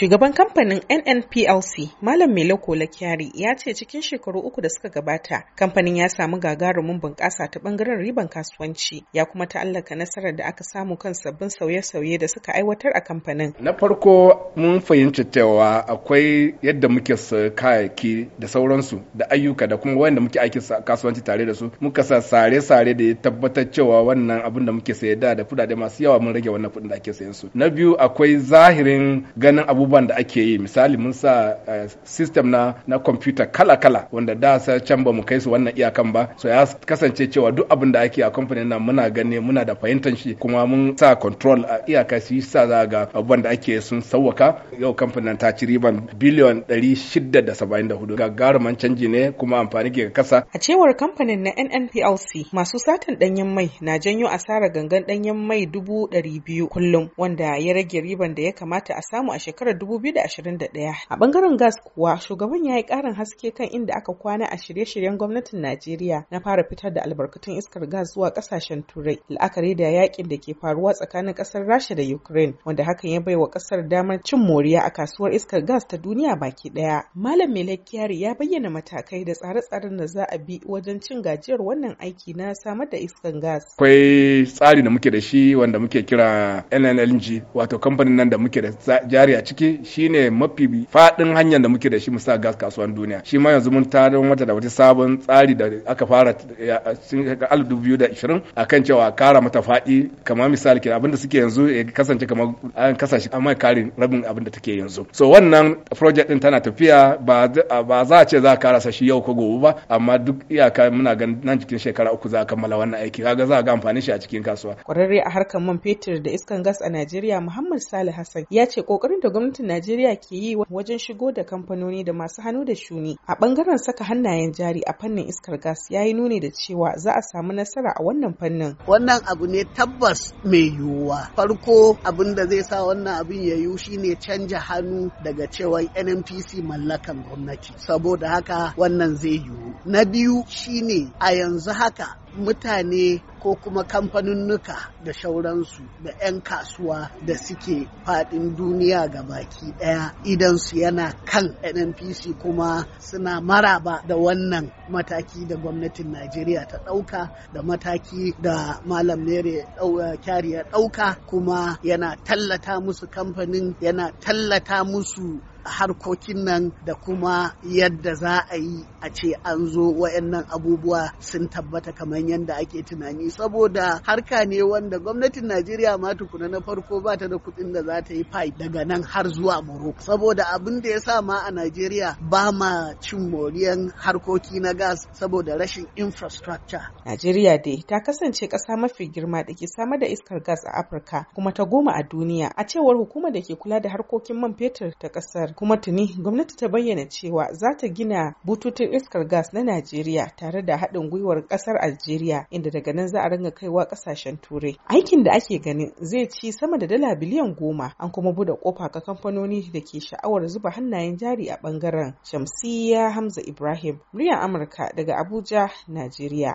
Shugaban kamfanin NNPLC Malam Mele Kola ya ce cikin shekaru uku da suka gabata kamfanin ya samu gagarumin bunƙasa ta bangaren riban kasuwanci ya kuma ta'allaka nasarar da aka samu kan sabbin sauye-sauye da suka aiwatar a kamfanin. Na farko mun fahimci cewa akwai yadda muke kayayyaki da sauransu da ayyuka da kuma wanda muke aiki kasuwanci tare da su muka sa sare-sare da ya tabbatar cewa wannan abin da muke sayar da da kudade masu yawa mun rage wannan kuɗin da ake sayan su. Na biyu akwai zahirin ganin abubuwa abubuwan da ake yi misali mun sa eh, system na na computer kala-kala wanda da sa can ba mu kai su wannan iyakan ba so ya kasance cewa duk abin da ake a company nan muna ganin muna da fahimtar shi kuma mun sa control a iyaka su sa za ga abubuwan da ake sun sauwaka yau kamfanin ta ci riban biliyon 674 gagaruman canji ne kuma amfani ke kasa a cewar kamfanin na NNPLC masu satan danyen mai na janyo asara gangan danyen mai dubu kullum wanda ya rage riban da ya kamata a samu a shekarar 2021. A bangaren gas kuwa shugaban ya yi karin haske kan inda aka kwana a shirye-shiryen gwamnatin Najeriya na fara fitar da albarkatun iskar gas zuwa kasashen Turai. La'akari da yakin da ke faruwa tsakanin kasar Rasha da Ukraine wanda hakan ya baiwa kasar damar cin moriya a kasuwar iskar gas ta duniya baki daya. Malam Melek Kyari ya bayyana matakai da tsare-tsaren da za a bi wajen cin gajiyar wannan aiki na samar da iskar gas. Akwai tsari da muke da shi wanda muke kira NNLG wato kamfanin nan da muke da jari a ciki shine mafi faɗin hanyar da muke da shi musa gas kasuwan duniya shi ma yanzu mun tarin wata da wata sabon tsari da aka fara alif dubu da ishirin akan cewa kara mata fadi kamar misali ke abinda suke yanzu ya kasance kamar an kasashe amma karin rabin abin da take yanzu so wannan project din tana tafiya ba za a ce za a karasa shi yau ko gobe ba amma duk iyaka muna ganin nan cikin shekara uku za a kammala wannan aiki kaga za a ga amfani shi a cikin kasuwa kwararre a harkar man fetur da iskan gas a Najeriya Muhammad Salih Hassan ya ce kokarin da gwamnati gwamnatin Najeriya ke yi wajen shigo da kamfanoni da masu hannu da shuni a bangaren saka hannayen jari a fannin iskar gas ya yi nuni da cewa za a samu nasara a wannan fannin. Wannan abu ne tabbas mai yiwuwa. Farko abin da zai sa wannan abin ya yiwu shine canja hannu daga cewa NNPC mallakan gwamnati. Saboda haka wannan zai yiwu. Na biyu shine a yanzu haka mutane ko kuma kamfanunnuka da shauransu da 'yan kasuwa da suke faɗin duniya ga baki ɗaya su yana kan nnpc kuma suna maraba da wannan mataki da gwamnatin najeriya ta ɗauka da mataki da malam mere eh, kyari ya ɗauka kuma yana tallata musu kamfanin yana tallata musu harkokin nan da kuma yadda za a yi a ce an zo wayannan abubuwa sun tabbata kamar yadda ake tunani saboda harka ne wanda gwamnatin Najeriya ma tukuna na farko ba ta da kuɗin da za ta yi fai daga nan har zuwa Morocco saboda abin da ya sa ma a Najeriya ba ma cin moriyan harkoki na gas saboda rashin infrastructure. Najeriya dai ta kasance ƙasa mafi girma da ke samar da iskar gas a Afirka kuma ta goma a duniya a cewar hukumar da ke kula da harkokin man fetur ta ƙasar kuma tuni gwamnati ta bayyana cewa za ta gina bututun iskar gas na Najeriya tare da haɗin gwiwar ƙasar Algeria inda daga nan za za a ringa kaiwa kasashen turai aikin da ake ganin zai ci sama da dala biliyan goma an kuma buɗe kofa ga kamfanoni da ke sha'awar zuba hannayen jari a bangaren Shamsiyya hamza ibrahim muryar amurka daga abuja najeriya